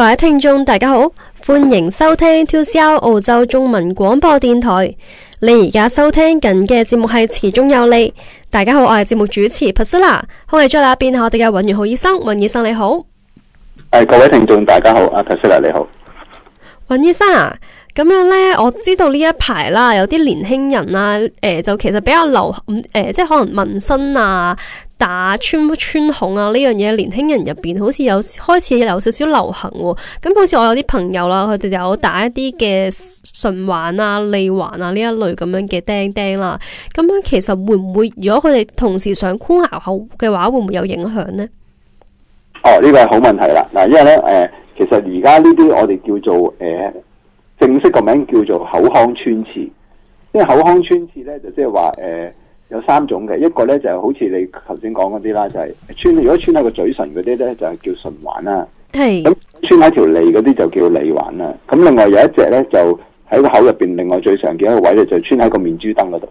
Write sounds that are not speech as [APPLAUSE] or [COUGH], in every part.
各位聽眾，大家好，歡迎收聽 TCL 澳洲中文廣播電台。你而家收聽緊嘅節目係《齒中有理》。大家好，我係節目主持 Perse a，好，我喺在另一邊，我哋嘅尹元晧醫生，尹醫生你好。各位聽眾大家好，阿、啊、Perse a 你好。尹醫生，啊，咁樣呢，我知道呢一排啦，有啲年輕人啊，誒、呃，就其實比較流，誒、呃，即係可能紋身啊。打穿穿孔啊呢樣嘢，年輕人入邊好似有開始有少少流行、啊，咁好似我有啲朋友啦、啊，佢哋就有打一啲嘅唇環啊、脷環啊呢一類咁樣嘅釘釘啦、啊。咁樣其實會唔會如果佢哋同時想箍牙口嘅話，會唔會有影響呢？哦，呢、這個係好問題啦。嗱，因為咧，誒、呃，其實而家呢啲我哋叫做誒、呃、正式個名叫做口腔穿刺，因為口腔穿刺咧就即係話誒。呃有三種嘅，一個咧就係好似你頭先講嗰啲啦，就係穿如果穿喺個嘴唇嗰啲咧，就係叫唇環啦。係咁穿喺條脷嗰啲就叫脷環啦。咁另外有一隻咧就喺個口入邊，另外最常見一個位咧就穿喺個面珠燈嗰度。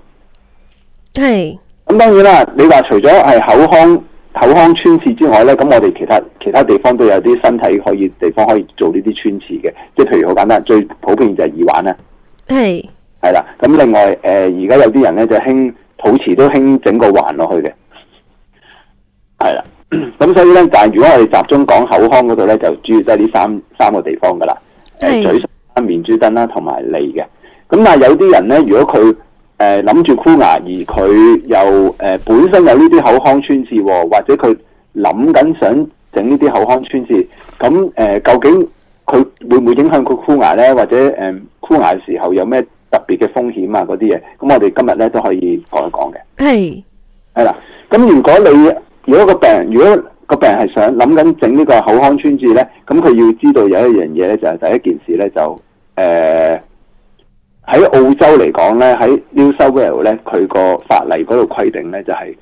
係咁當然啦，你話除咗係口腔、口腔穿刺之外咧，咁我哋其他其他地方都有啲身體可以地方可以做呢啲穿刺嘅，即係譬如好簡單，最普遍就係耳環啦。係係啦，咁另外誒，而家有啲人咧就興。肚臍都興整個環落去嘅，係啦。咁 [COUGHS] 所以咧，但係如果我哋集中講口腔嗰度咧，就主要都係呢三三個地方㗎啦，誒的嘴、面珠墩啦，同埋脷嘅。咁但係有啲人咧，如果佢誒諗住箍牙，而佢又誒、呃、本身有呢啲口腔穿刺，或者佢諗緊想整呢啲口腔穿刺，咁誒、呃、究竟佢會唔會影響佢箍牙咧？或者誒箍、呃、牙時候有咩特別嘅風險啊，嗰啲嘢，咁我哋今日咧都可以講一講嘅。係係啦，咁如果你如果個病人，如果個病人係想諗緊整呢個口腔穿刺咧，咁佢要知道有一樣嘢咧，就係第一件事咧，就誒喺澳洲嚟講咧，喺 New South Wales 咧，佢個法例嗰度規定咧，就係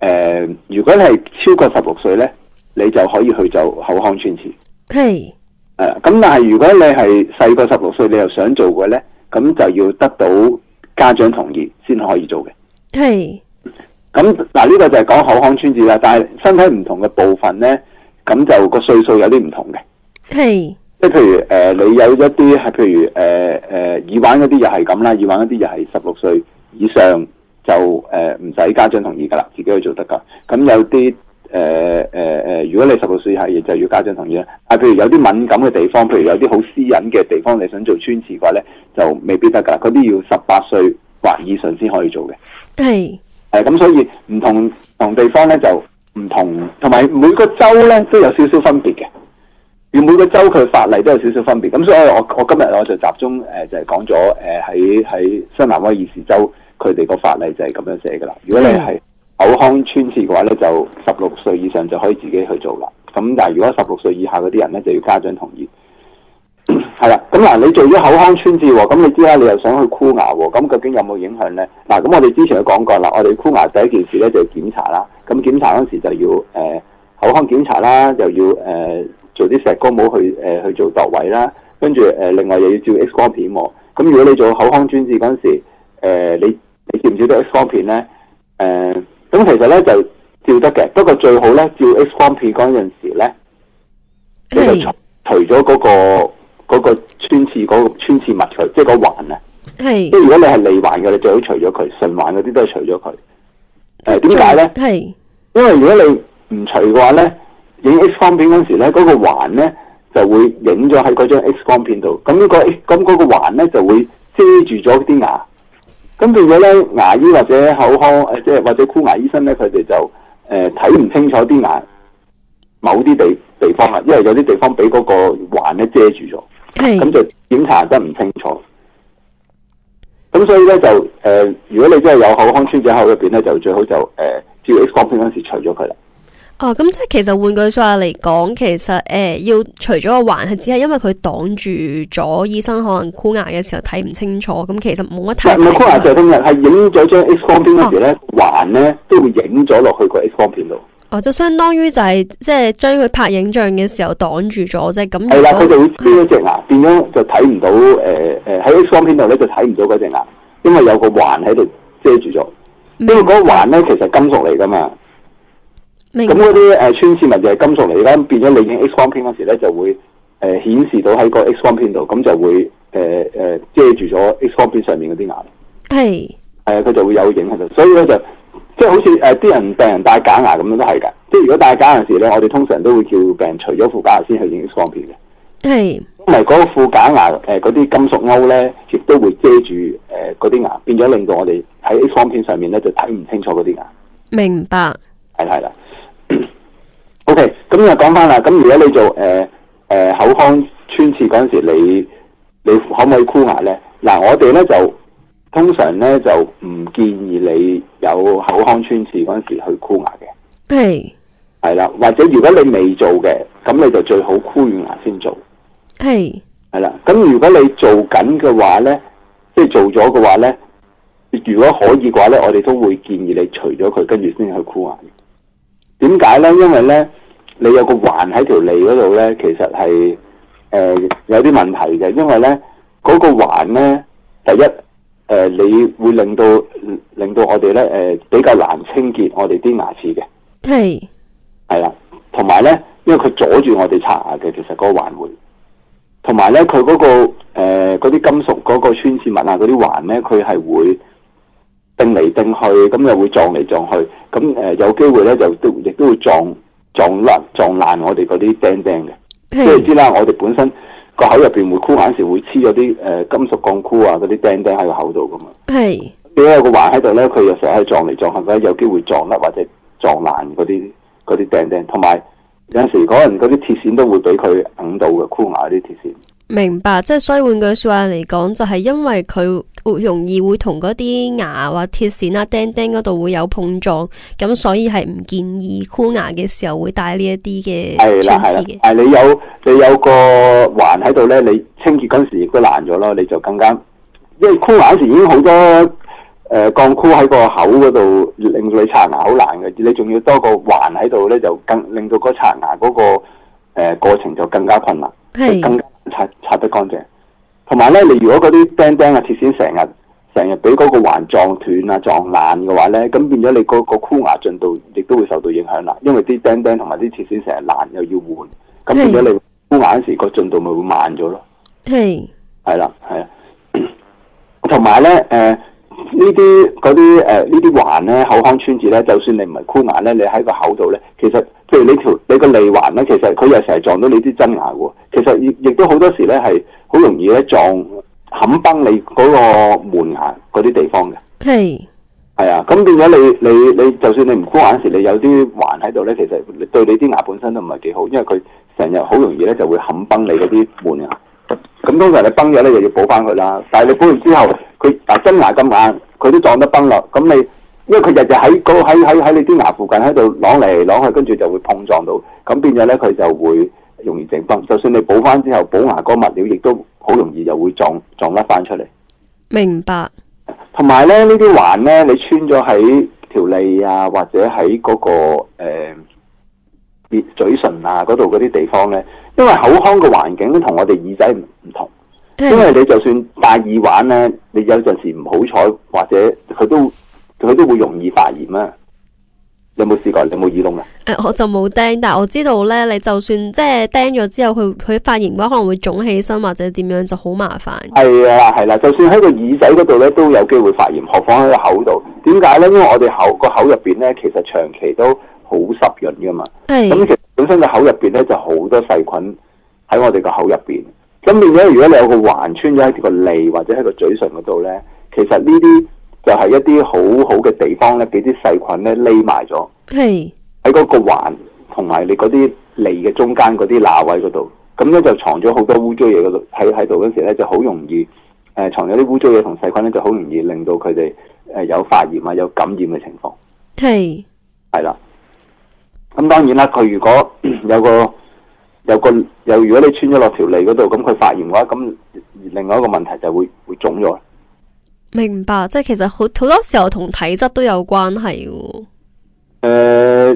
誒，如果你係超過十六歲咧，你就可以去做口腔穿刺。係誒，咁但係如果你係細過十六歲，你又想做嘅咧？咁就要得到家長同意先可以做嘅。係是，咁嗱呢個就係講口腔穿刺啦。但係身體唔同嘅部分咧，咁就個歲數有啲唔同嘅。係是，即係譬如誒、呃，你有一啲係譬如誒誒耳環嗰啲又係咁啦，耳環嗰啲又係十六歲以上就誒唔使家長同意㗎啦，自己去做得㗎。咁有啲。誒誒誒，如果你十六歲係，就要家長同意啦。但、啊、譬如有啲敏感嘅地方，譬如有啲好私隱嘅地方，你想做穿刺嘅話咧，就未必得噶。嗰啲要十八歲或以上先可以做嘅。係誒是，咁、啊、所以唔同同地方咧就唔同，同埋每個州咧都有少少分別嘅。而每個州佢法例都有少少分別。咁所以我我今日我就集中誒、呃、就係講咗誒喺喺新南威爾士州佢哋個法例就係咁樣寫噶啦。如果你係。嗯口腔穿刺嘅話咧，就十六歲以上就可以自己去做啦。咁但係如果十六歲以下嗰啲人咧，就要家長同意。係啦，咁 [COUGHS] 嗱，你做咗口腔穿刺，咁你知啦、啊，你又想去箍牙、哦，咁究竟有冇影響咧？嗱、啊，咁我哋之前都講過啦，我哋箍牙第一件事咧就要檢查啦。咁檢查嗰時就要誒、呃、口腔檢查啦，又要誒、呃、做啲石膏模去誒、呃、去做度位啦，跟住誒另外又要照 X 光片。咁如果你做口腔穿刺嗰時，誒、呃、你你知唔知道 X 光片咧？誒、呃。呃咁、嗯、其實咧就照得嘅，不過最好咧照 X 光片嗰陣時咧，你就是除除咗嗰個穿刺嗰個穿刺物去，即係個環啊。係是，即係如果你係脷環嘅，你最好除咗佢；唇環嗰啲都係除咗佢。誒點解咧？係因為如果你唔除嘅話咧，影 X 光片嗰陣時咧，嗰、嗰個環咧就會影咗喺嗰張 X 光片度。咁、那、呢個咁嗰個環咧就會遮住咗啲牙。咁變咗咧，牙醫或者口腔誒，即係或者箍牙醫生咧，佢哋就誒睇唔清楚啲牙某啲地地方啊，因為有啲地方俾嗰個環咧遮住咗，咁是就檢查得唔清楚。咁所以咧就誒、呃，如果你真係有口腔穿者口入邊咧，就最好就誒、呃，照 X 光片嗰時除咗佢啦。哦，咁即係其實換句說話嚟講，其實誒、欸、要除咗個環，係只係因為佢擋住咗醫生可能箍牙嘅時候睇唔清楚，咁其實冇乜太大。唔係箍牙就咁啦，係影咗張 X 光片嗰時咧，環咧都會影咗落去個 X 光片度。哦，就相當於就係、是、即係將佢拍影像嘅時候擋住咗啫。咁係啦，佢果就會遮咗隻牙，是變咗就睇唔到誒誒喺 X 光片度咧就睇唔到嗰隻牙，因為有個環喺度遮住咗。嗯、因為嗰環咧其實金屬嚟噶嘛。嗯咁嗰啲誒，穿刺物就係金屬嚟啦，變咗你影 X 光片嗰時咧，就會誒顯示到喺個 X 光片度，咁就會誒誒遮住咗 X 光片上面嗰啲牙，係係佢就會有影喺度，所以咧就即係好似誒啲人病人戴假牙咁樣都係嘅。即係如果戴假牙時咧，我哋通常都會叫病除咗副假牙先去影 X 光片嘅。係，同埋嗰個副假牙誒嗰啲金屬鈎咧，亦都會遮住誒嗰啲牙，變咗令到我哋喺 X 光片上面咧就睇唔清楚嗰啲牙。明白。係啦，係啦。OK，咁就講翻啦。咁如果你做誒誒、呃呃、口腔穿刺嗰陣時，你你可唔可以箍牙咧？嗱，我哋咧就通常咧就唔建議你有口腔穿刺嗰陣時去箍牙嘅。係係啦，或者如果你未做嘅，咁你就最好箍完牙先做。係係啦。咁如果你做緊嘅話咧，即係做咗嘅話咧，如果可以嘅話咧，我哋都會建議你除咗佢，跟住先去箍牙。點解呢？因為呢，你有個環喺條脷嗰度呢，其實係誒、呃、有啲問題嘅。因為呢，嗰、嗰個環呢，第一誒、呃、你會令到令到我哋呢誒、呃、比較難清潔我哋啲牙齒嘅。係係啦，同埋呢，因為佢阻住我哋刷牙嘅，其實嗰個環會，同埋呢，佢嗰、嗰個誒嗰啲金屬嗰個穿刺物啊，嗰啲環呢，佢係會。掟嚟掟去，咁又會撞嚟撞去，咁誒、呃、有機會咧就都亦都會撞撞甩撞爛我哋嗰啲釘釘嘅，即係是知啦。我哋本身個口入邊會箍牙時會黐咗啲誒金屬鋼箍啊嗰啲釘釘喺個口度噶嘛，係是，因為個環喺度咧，佢又成日係撞嚟撞去，所以有機會撞甩或者撞爛嗰啲嗰啲釘釘，同埋有陣時可能嗰啲鐵線都會俾佢揞到嘅箍牙啲鐵線。明白，即係所以，換句說話嚟講，就係因為佢會容易會同嗰啲牙或鐵線啊、釘釘嗰度會有碰撞，咁所以係唔建議箍牙嘅時候會帶呢一啲嘅。係啦，係你有你有個環喺度咧，你清潔嗰時亦都難咗啦，你就更加，因為箍牙嗰時已經好多誒鋼箍喺個口嗰度，令到你刷牙好難嘅，你仲要多個環喺度咧，就更令到個刷牙嗰個誒過程就更加困難。係，更加擦擦得乾淨，同埋咧，你如果嗰啲釘釘啊、鐵線成日成日俾嗰個環撞斷啊、撞爛嘅話咧，咁變咗你個個箍牙進度亦都會受到影響啦。因為啲釘釘同埋啲鐵線成日爛，又要換，咁變咗你箍牙嗰時，個進度咪會慢咗咯。係係啦，係啊，同埋咧，誒，呃呃、環呢啲嗰啲誒，呢啲環咧，口腔穿刺咧，就算你唔係箍牙咧，你喺個口度咧，其實。對，你條你個脷環咧，其實佢又成日撞到你啲真牙喎。其實亦亦都好多時咧，係好容易咧撞冚崩你嗰個門牙嗰啲地方嘅。係係啊，咁變咗你你你，就算你唔箍牙時，你有啲環喺度咧，其實對你啲牙本身都唔係幾好，因為佢成日好容易咧就會冚崩你嗰啲門牙。咁通常你崩咗咧，又要補翻佢啦。但係你補完之後，佢但真牙咁硬，佢都撞得崩落。咁你。因為佢日日喺喺喺喺你啲牙附近喺度攞嚟攞去，跟住就會碰撞到咁，變咗咧佢就會容易整崩。就算你補翻之後，補牙嗰物料亦都好容易又會撞撞甩翻出嚟。明白。同埋咧，環呢啲環咧，你穿咗喺條脷啊，或者喺嗰、嗰個誒、呃、嘴唇啊嗰度嗰啲地方咧，因為口腔嘅環境同我哋耳仔唔唔同，明白。因為你就算戴耳環咧，你有陣時唔好彩或者佢都。佢都會容易發炎啊！你有冇試過？你冇耳窿啊？誒、哎，我就冇釘，但係我知道咧，你就算即係釘咗之後，佢佢發炎嘅話，可能會腫起身或者點樣，就好麻煩。係啊，係啦、啊，就算喺個耳仔嗰度咧，都有機會發炎，何況喺個口度？點解咧？因為我哋口個口入邊咧，其實長期都好濕潤噶嘛。係、哎。咁其實本身個口入邊咧，就好多細菌喺我哋個口入邊。咁變咗，如果你有個環穿咗喺個脷或者喺個嘴唇嗰度咧，其實呢啲。就係一啲好好嘅地方咧，俾啲細菌咧匿埋咗，喺嗰是個環同埋你嗰啲脷嘅中間嗰啲罅位嗰度，咁咧就藏咗好多污糟嘢喺度，喺喺度嗰時咧就好容易，誒、呃、藏咗啲污糟嘢同細菌咧就好容易令到佢哋誒有發炎啊，有感染嘅情況，係係啦。咁當然啦，佢如果 [COUGHS] 有個有個，有個又如果你穿咗落條脷嗰度，咁佢發炎嘅話，咁另外一個問題就會會腫咗。明白，即係其實好好多時候同體質都有關係嘅、哦。誒、呃，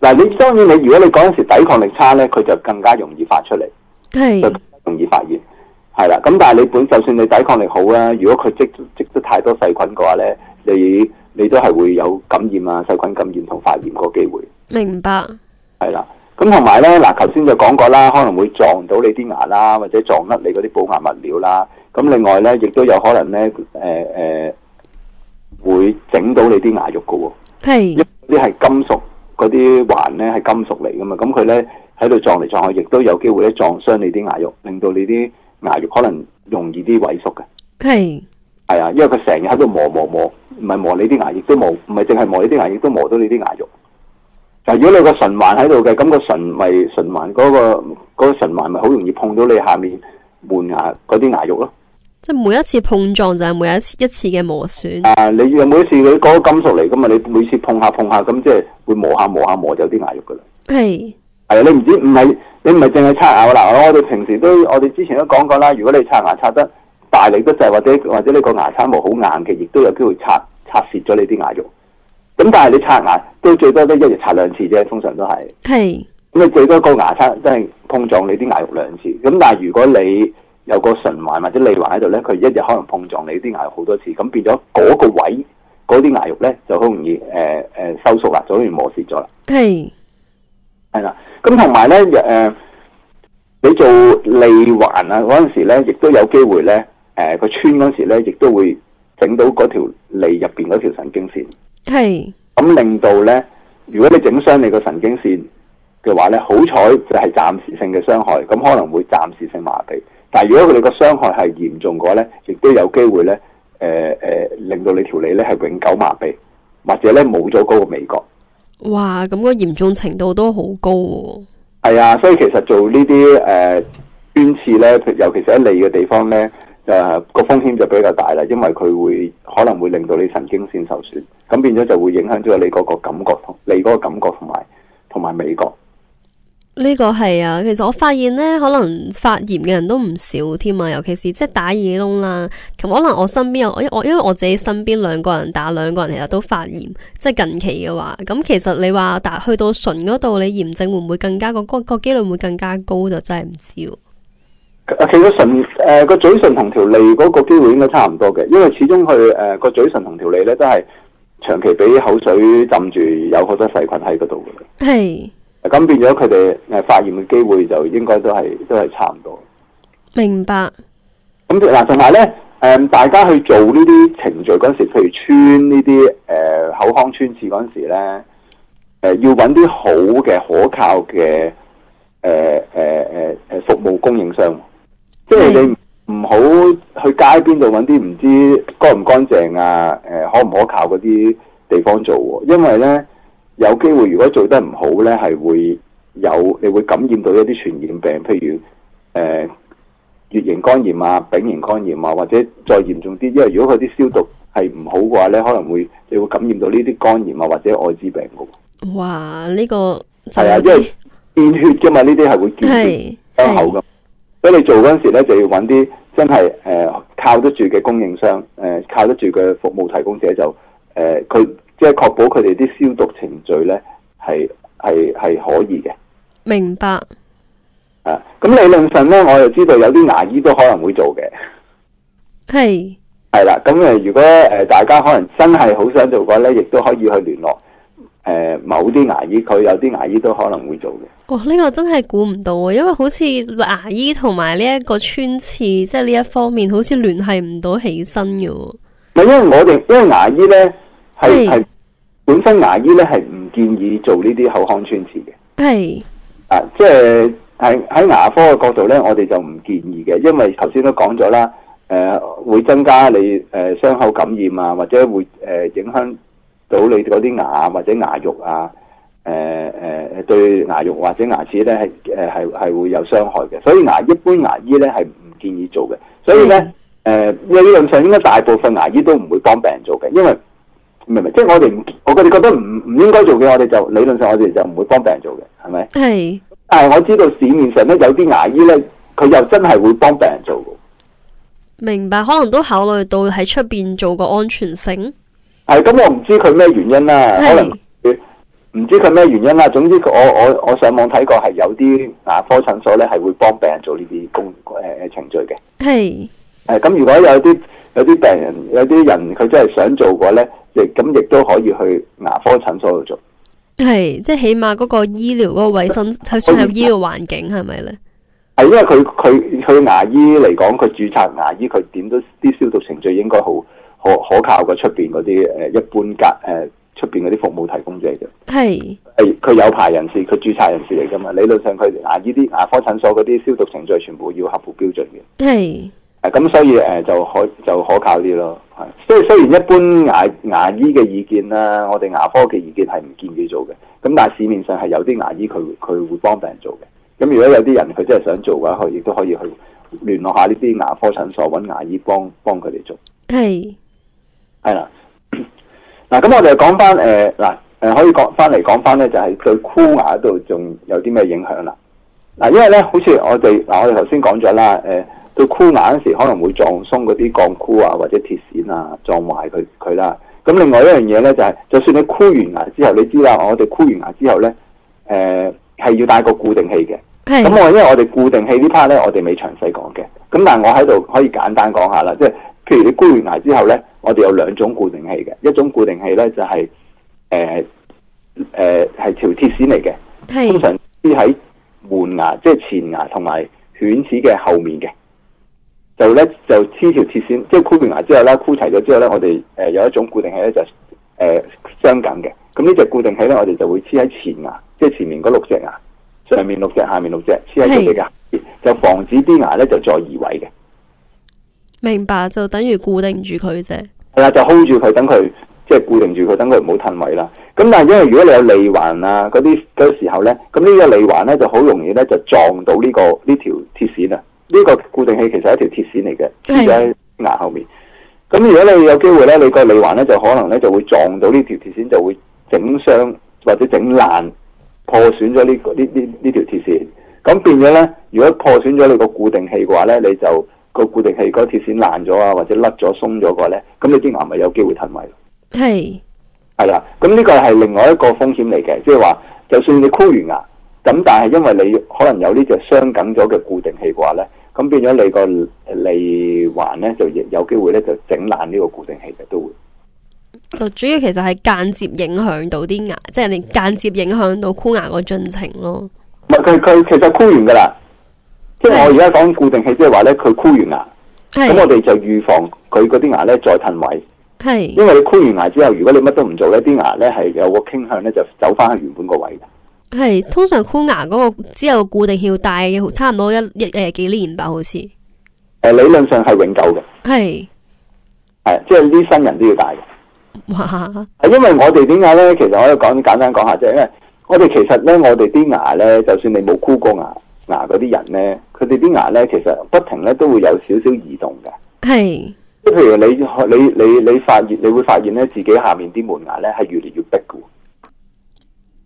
嗱，你當然你如果你嗰陣時抵抗力差咧，佢就更加容易發出嚟，是就容易發炎，係啦。咁但係你本就算你抵抗力好啦，如果佢積積得太多細菌嘅話咧，你你都係會有感染啊，細菌感染同發炎個機會。明白。係啦，咁同埋咧，嗱，頭先就講過啦，可能會撞到你啲牙啦，或者撞甩你嗰啲補牙物料啦。咁另外咧，亦都有可能咧，誒、呃、誒、呃，會整到你啲牙肉嘅喎、哦。係是，一啲係金屬嗰啲環咧係金屬嚟噶嘛，咁佢咧喺度撞嚟撞去，亦都有機會咧撞傷你啲牙肉，令到你啲牙肉可能容易啲萎縮嘅。係是，係啊，因為佢成日喺度磨磨磨，唔係磨，磨，磨你啲牙，亦都磨，唔係淨係磨你啲牙，亦都磨到你啲牙肉。但如果你、個唇環喺度嘅，咁、個唇咪唇環嗰個嗰個唇環咪好容易碰到你下面門牙嗰啲牙肉咯。即係每一次碰撞就係每一次一次嘅磨損。啊，你每一次你嗰個金屬嚟噶嘛，你每次碰下碰下咁，即係會磨下磨下磨就啲牙肉噶啦。係係，你唔知唔係你唔係淨係刷牙嗱，我哋平時都我哋之前都講過啦。如果你刷牙刷得大力得滯，或者或者呢個牙刷毛好硬嘅，亦都有機會刷刷蝕咗你啲牙肉。咁但係你刷牙都最多都一日刷兩次啫，通常都係。係咁你最多一個牙刷真係碰撞你啲牙肉兩次。咁但係如果你有個唇環或者利環喺度呢，佢一日可能碰撞你啲牙好多次，咁變咗嗰個位嗰啲牙肉呢就好容易誒誒、呃呃、收縮啦，就好容易磨蝕咗啦。係係啦，咁同埋呢，誒、呃，你做利環啊嗰陣時呢，亦都有機會呢，誒、呃，佢穿嗰陣時呢，亦都會整到嗰條脷入邊嗰條神經線。係咁是令到呢，如果你整傷你個神經線嘅話呢，好彩就係暫時性嘅傷害，咁可能會暫時性麻痹。但如果佢哋個傷害係嚴重嘅話咧，亦都有機會咧，誒、呃、誒、呃、令到你條脷咧係永久麻痹，或者咧冇咗嗰個味覺。哇！咁個嚴重程度都好高，啊。係啊，所以其實做、呃、捐呢啲誒，穿刺咧，尤其是喺你嘅地方咧，誒、呃、個風險就比較大啦，因為佢會可能會令到你神經線受損，咁變咗就會影響咗你嗰個感覺同你嗰個感覺同埋同埋味覺。呢個係啊，其實我發現呢，可能發炎嘅人都唔少添啊，尤其是即係打耳窿啦。咁可能我身邊有我因我為我自己身邊兩個人打兩個人，其實都發炎，即係近期嘅話。咁其實你話打去到唇嗰度，你炎症會唔會更加高？那個機率會，會更加高就真係唔知。其實唇誒個、呃、嘴唇同條脷嗰個機會應該差唔多嘅，因為始終佢誒個嘴唇同條脷呢，都係長期俾口水浸住，有好多細菌喺嗰度係。咁變咗佢哋誒發現嘅機會就應該都係都係差唔多。明白。咁嗱，同埋咧，誒、呃、大家去做呢啲程序嗰陣時，譬如穿呢啲誒口腔穿刺嗰陣時咧，誒、呃、要揾啲好嘅可靠嘅誒誒誒誒服務供應商，的即係你唔好去街邊度揾啲唔知乾唔乾淨啊，誒、呃、可唔可靠嗰啲地方做喎、啊，因為咧。有機會，如果做得唔好呢，係會有，你會感染到一啲傳染病，譬如誒乙型肝炎啊、丙型肝炎啊，或者再嚴重啲，因為如果佢啲消毒係唔好嘅話呢，可能會你會感染到呢啲肝炎啊，或者艾滋病嘅。哇！呢個就係啊，因為變血㗎嘛，呢啲係會見血傷口嘅。所以你做嗰陣時咧，就要揾啲真係誒、呃、靠得住嘅供應商，誒、呃、靠得住嘅服務提供者就誒佢。呃即係確保佢哋啲消毒程序咧，係係係可以嘅。明白啊？咁理論上咧，我又知道有啲牙醫都可能會做嘅。係係啦，咁誒，如果誒、呃、大家可能真係好想做嘅話咧，亦都可以去聯絡誒、呃。某啲牙醫，佢有啲牙醫都可能會做嘅。哇！呢、這個真係估唔到啊，因為好似牙醫同埋呢一個穿刺，即係呢一方面，好似聯繫唔到起身嘅。唔係，因為我哋因為牙醫咧。係係，本身牙醫咧係唔建議做呢啲口腔穿刺嘅。係是啊，即係喺喺牙科嘅角度咧，我哋就唔建議嘅，因為頭先都講咗啦，誒、呃、會增加你誒傷、呃、口感染啊，或者會誒、呃、影響到你嗰啲牙或者牙肉啊，誒、呃、誒對牙肉或者牙齒咧係誒係係會有傷害嘅，所以牙一般牙醫咧係唔建議做嘅。所以咧誒理論上應該大部分牙醫都唔會幫病人做嘅，因為。明明，即係我哋唔，我哋覺得唔唔應該做嘅，我哋就理論上我哋就唔會幫病人做嘅，係咪？係是。但係我知道市面上咧有啲牙醫咧，佢又真係會幫病人做。明白，可能都考慮到喺出邊做個安全性。係，咁我唔知佢咩原因啦，是可能唔知佢咩原因啦。總之我，我我我上網睇過係有啲牙科診所咧係會幫病人做呢啲工誒、呃、程序嘅。係是。誒，咁如果有啲。有啲病人，有啲人佢真係想做過咧，亦咁亦都可以去牙科診所度做。係，即係起碼嗰個醫療嗰、嗰個衛生，就也算係醫療環境係咪咧？係因為佢佢佢牙醫嚟講，佢注冊牙醫，佢點都啲消毒程序應該好可可靠過出邊嗰啲誒一般格誒出邊嗰啲服務提供者嘅係係佢有排人士，佢注冊人士嚟噶嘛。理論上佢牙醫啲牙科診所嗰啲消毒程序全部要合乎標準嘅。係。咁所以誒、呃、就可就可靠啲咯，係，即係雖然一般牙牙醫嘅意見啦、啊，我哋牙科嘅意見係唔建議做嘅，咁但係市面上係有啲牙醫佢佢會幫病人做嘅，咁如果有啲人佢真係想做嘅話，佢亦都可以去聯絡下呢啲牙科診所，揾牙醫幫幫佢哋做。係係啦，嗱咁我哋講翻誒嗱誒可以講翻嚟講翻咧，就係、是、對箍牙度仲有啲咩影響啦？嗱、呃，因為咧，好似我哋嗱我哋頭先講咗啦，誒、呃。到箍牙嗰時，可能會撞鬆嗰啲鋼箍啊，或者鐵線啊，撞壞佢佢啦。咁另外一樣嘢咧，就係就算你箍完牙之後，你知啦，我哋箍完牙之後咧，誒係要帶個固定器嘅。咁我因為我哋固定器呢 part 咧，我哋未詳細講嘅。咁但係我喺度可以簡單講下啦，即係譬如你箍完牙之後咧，我哋有兩種固定器嘅，一種固定器咧就係誒誒係條鐵線嚟嘅，通常係喺門牙，即係前牙同埋犬齒嘅後面嘅。就咧就黐條鐵線，即係箍完牙之後咧，箍齊咗之後咧，我哋誒有一種固定器咧就誒鑲緊嘅。咁呢隻固定器咧，我哋就會黐喺前牙，即係前面嗰六隻牙，上面六隻，下面六隻，黐喺嗰度嘅，是就防止啲牙咧就再移位嘅。明白，就等於固定住佢啫。係啦，就 hold 住佢，等佢即係固定住佢，等佢唔好褪位啦。咁但係因為如果你有脷環啊，嗰啲嘅時候咧，咁呢個脷環咧就好容易咧就撞到呢、呢個呢條鐵線啊。呢個固定器其實係一條鐵線嚟嘅，住喺是牙後面。咁如果你有機會咧，你個脷環咧就可能咧就會撞到呢條鐵線，就會整傷或者整爛、破損咗呢、這個呢呢呢條鐵線。咁變咗咧，如果破損咗你個固定器嘅話咧，你就個固定器嗰鐵線爛咗啊，或者甩咗、鬆咗嘅話咧，咁你啲牙咪有機會褪位。係係啦，咁呢個係另外一個風險嚟嘅，即係話就算你箍完牙，咁但係因為你可能有呢隻傷緊咗嘅固定器嘅話咧。咁變咗你個脷環咧，就亦有機會咧，就整爛呢個固定器嘅，都會。就主要其實係間接影響到啲牙，即係你間接影響到箍牙個進程咯。唔係佢佢其實箍完噶啦，即係我而家講固定器即係話咧，佢箍完牙，咁是我哋就預防佢嗰啲牙咧再褪位。係是因為你箍完牙之後，如果你乜都唔做呢，啲牙咧係有個傾向咧，就走翻去原本個位。係通常箍牙嗰個之後固定要戴，差唔多一一誒幾年吧，好似。誒，理論上係永久嘅。係係是，即係啲新人都要戴。哇！因為我哋點解咧？其實可以講啲簡單講下啫，因為我哋其實咧，我哋啲牙咧，就算你冇箍過牙牙嗰啲人咧，佢哋啲牙咧，其實不停咧都會有少少移動嘅。係是，即係譬如你你你你，你發現你會發現咧自己下面啲門牙咧係越嚟越逼嘅。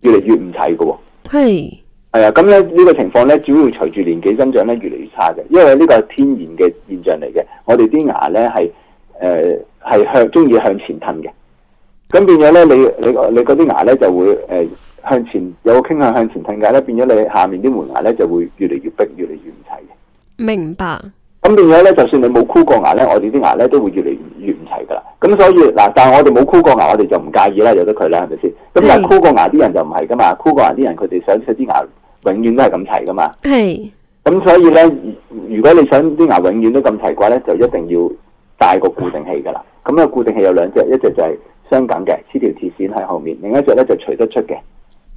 越嚟越唔齊嘅，係係啊，咁咧，呢個情況咧，主要隨住年紀增長咧，越嚟越差嘅，因為呢個係天然嘅現象嚟嘅。我哋啲牙咧係誒係向中意向前吞嘅，咁變咗咧，你你你嗰啲牙咧就會誒向前有個傾向向前吞嘅咧，變咗你下面啲門牙咧就會越嚟越逼，越嚟越唔齊嘅。明白。咁變咗咧，就算你冇箍過牙咧，我哋啲牙咧都會越嚟越唔齊噶啦。咁所以嗱，但係我哋冇箍過牙，我哋就唔介意啦，由得佢啦，係咪先？咁但係箍過牙啲人就唔係噶嘛，箍過牙啲人佢哋想出啲牙永遠都係咁齊噶嘛。係是。咁所以咧，如果你想啲牙永遠都咁齊嘅話咧，就一定要戴個固定器噶啦。咁啊，固定器有兩隻，一隻就係鑲緊嘅，黐條鐵線喺後面；另一隻咧就是、除得出嘅，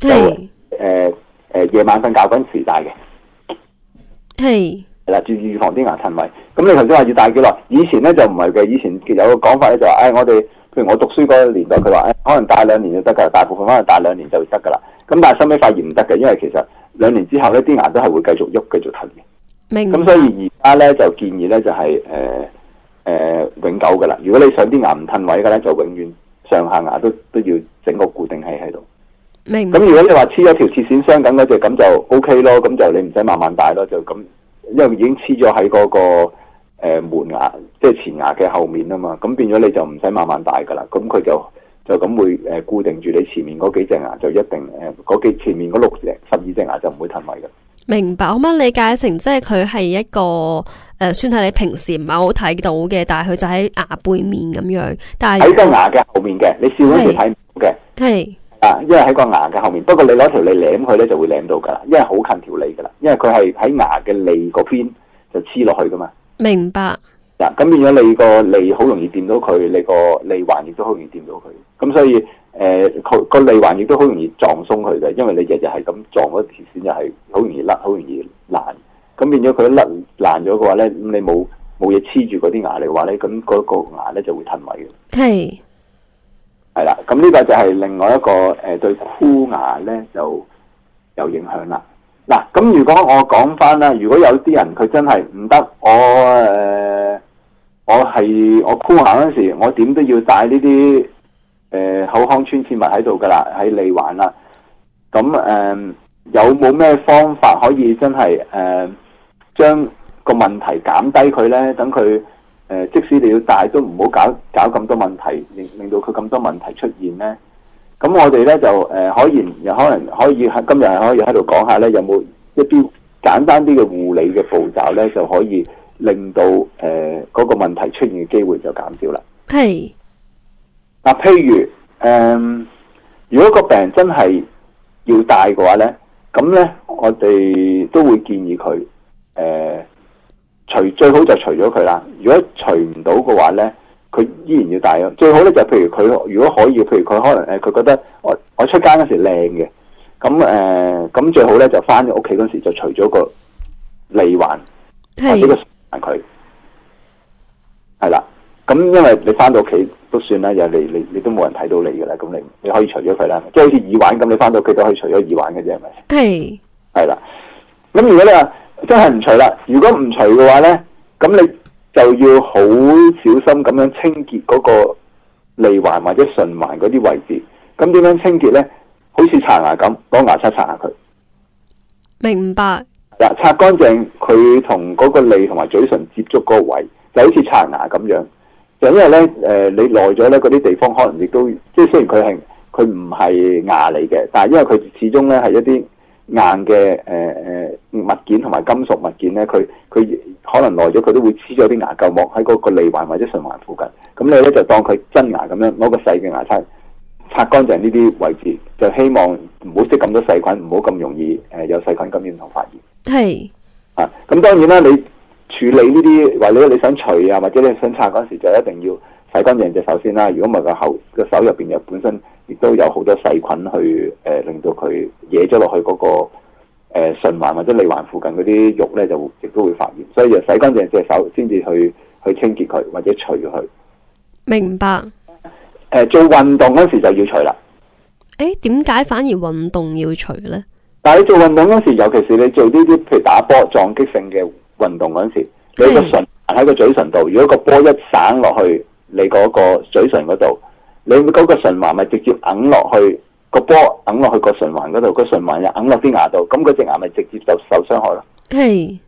是就誒誒、呃呃呃，夜晚瞓覺嗰時戴嘅。係。嗱，注意預防啲牙褪位，咁你頭先話要戴幾耐，以前咧就唔係嘅，以前有個講法咧就話，誒、哎，我哋，譬如我讀書嗰個年代，佢話，誒、哎，可能戴兩年就得噶，大部分可能戴兩年就得噶啦，咁但係收尾發現唔得嘅，因為其實兩年之後咧，啲牙都係會繼續喐，繼續褪嘅。明白。咁所以而家咧就建議咧就係、是，誒、呃，誒、呃，永久噶啦，如果你想啲牙唔褪位嘅咧，就永遠上下牙都都要整個固定器喺度。明白。咁如果你話黐咗條切線傷緊嗰隻，咁就 OK 咯，咁就你唔使慢慢戴咯，就咁。因為已經黐咗喺嗰個誒、門牙，即係前牙嘅後面啦嘛，咁變咗你就唔使慢慢大噶啦。咁佢就就咁會誒、固定住你前面嗰幾隻牙，就一定誒、嗰幾前面嗰六隻十二隻牙就唔會褪埋嘅。明白。可唔可以理解成即係佢係一個誒、算係你平時唔係好睇到嘅，但係佢就喺牙背面咁樣，但係喺個牙嘅後面嘅，你笑嗰時睇唔到嘅係。因為喺個牙嘅後面，不過你攞條脷舐佢咧，就會舐到噶啦，因為好近條脷噶啦，因為佢係喺牙嘅脷嗰邊就黐落去噶嘛。明白。嗱，咁變咗你個脷好容易掂到佢，你個脷環亦都好容易掂到佢。咁所以誒，佢個脷環亦都好容易撞鬆佢嘅，因為你日日係咁撞嗰條線，就係好容易甩，好容易爛。咁變咗佢一甩爛咗嘅話咧，咁你冇冇嘢黐住嗰啲牙嚟嘅話咧，咁嗰個牙咧就會褪位嘅。係。係啦，咁呢、嗯這個就係另外一個誒、呃，對箍牙呢就有，就有影響啦。嗱，咁如果我講翻啦，如果有啲人佢真係唔得，我誒、呃，我係我箍牙嗰時，我點都要帶呢啲誒口腔穿刺物喺度噶啦，喺脷環啦。咁誒、呃，有冇咩方法可以真係誒、呃，將個問題減低佢呢？等佢。呃、即使你要戴，都唔好搞搞咁多問題，令令到佢咁多問題出現呢。咁、嗯、我哋呢，就誒、呃，可以又可能可以喺今日可以喺度講下呢，有冇一啲簡單啲嘅護理嘅步驟呢，就可以令到誒嗰、呃那個問題出現嘅機會就減少啦。係是，嗱、呃，譬如誒、呃，如果個病人真係要戴嘅話呢，咁呢，我哋都會建議佢誒。呃除最好就除咗佢啦，如果除唔到嘅話咧，佢依然要戴咯。最好咧就譬如佢如果可以，譬如佢可能誒，佢、呃、覺得我我出街嗰時靚嘅，咁誒咁最好咧就翻咗屋企嗰時就除咗個耳環，俾是、啊、個難佢。係啦，咁因為你翻到屋企都算啦，又你你你都冇人睇到你噶啦，咁你你可以除咗佢啦，即係好似耳環咁，你翻到屋企都可以除咗耳環嘅啫，係咪？係係是啦，咁如果你話。真係唔除啦！如果唔除嘅話呢，咁你就要好小心咁樣清潔嗰個脷環或者唇環嗰啲位置。咁點樣清潔呢？好似刷牙咁，攞、那個、牙刷刷下佢。明白。嗱，擦乾淨佢同嗰個脷同埋嘴唇接觸嗰個位，就好似刷牙咁樣。就因為呢，誒、呃，你耐咗呢嗰啲地方可能亦都即係雖然佢係佢唔係牙嚟嘅，但係因為佢始終呢係一啲。硬嘅誒誒物件同埋金屬物件咧，佢佢可能耐咗，佢都會黐咗啲牙垢膜喺嗰個脷環或者唇環附近。咁你咧就當佢真牙咁樣，攞個細嘅牙刷擦乾淨呢啲位置，就希望唔好識咁多細菌，唔好咁容易誒有細菌感染同發炎。係是啊，咁當然啦、啊，你處理呢啲或者你想除啊，或者你想擦嗰陣時，就一定要洗乾淨隻手先啦。如果唔係個喉個手入邊有本身。亦都有好多細菌去誒、呃，令到佢惹咗落去嗰、嗰個循唇、呃、環或者脷環附近嗰啲肉咧，就亦都會發炎，所以就洗乾淨隻手先至去去清潔佢或者除去。明白。誒、呃、做運動嗰時就要除啦。誒點解反而運動要除咧？但係你做運動嗰時，尤其是你做呢啲譬如打波撞擊性嘅運動嗰時、嗯你，你個唇喺個嘴唇度，如果個波一散落去你嗰個嘴唇嗰度。你嗰個循環咪直接揞落去個波，揞落去個循環嗰度，個循環又揞落啲牙度，咁嗰隻牙咪直接就受傷害咯。係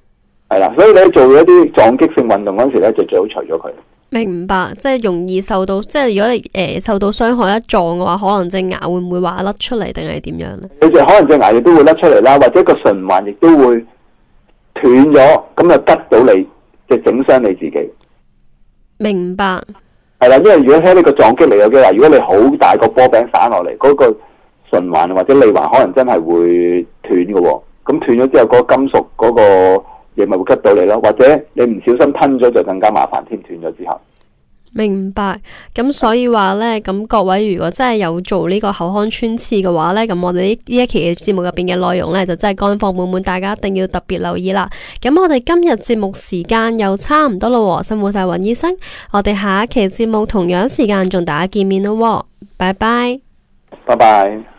係啦，所以你做一啲撞擊性運動嗰時咧，就最好除咗佢。明白，即係容易受到，即係如果你誒、呃、受到傷害一撞嘅話，可能隻牙會唔會滑甩出嚟，定係點樣咧？你就可能隻牙亦都會甩出嚟啦，或者個循環亦都會斷咗，咁就吉到你，即係整傷你自己。明白。係啦，因為如果喺呢個撞擊嚟，嘅話，如果你好大個波餅散落嚟，嗰個循環或者利環可能真係會斷嘅，咁斷咗之後，嗰個金屬嗰個嘢咪會吉到你咯，或者你唔小心吞咗就更加麻煩添，斷咗之後。明白，咁所以話呢，咁各位如果真係有做呢個口腔穿刺嘅話呢，咁我哋呢一期嘅節目入邊嘅內容呢，就真係乾貨滿滿，大家一定要特別留意啦。咁我哋今日節目時間又差唔多啦，辛苦晒尹醫生，我哋下一期節目同樣時間同大家見面咯，拜拜，拜拜。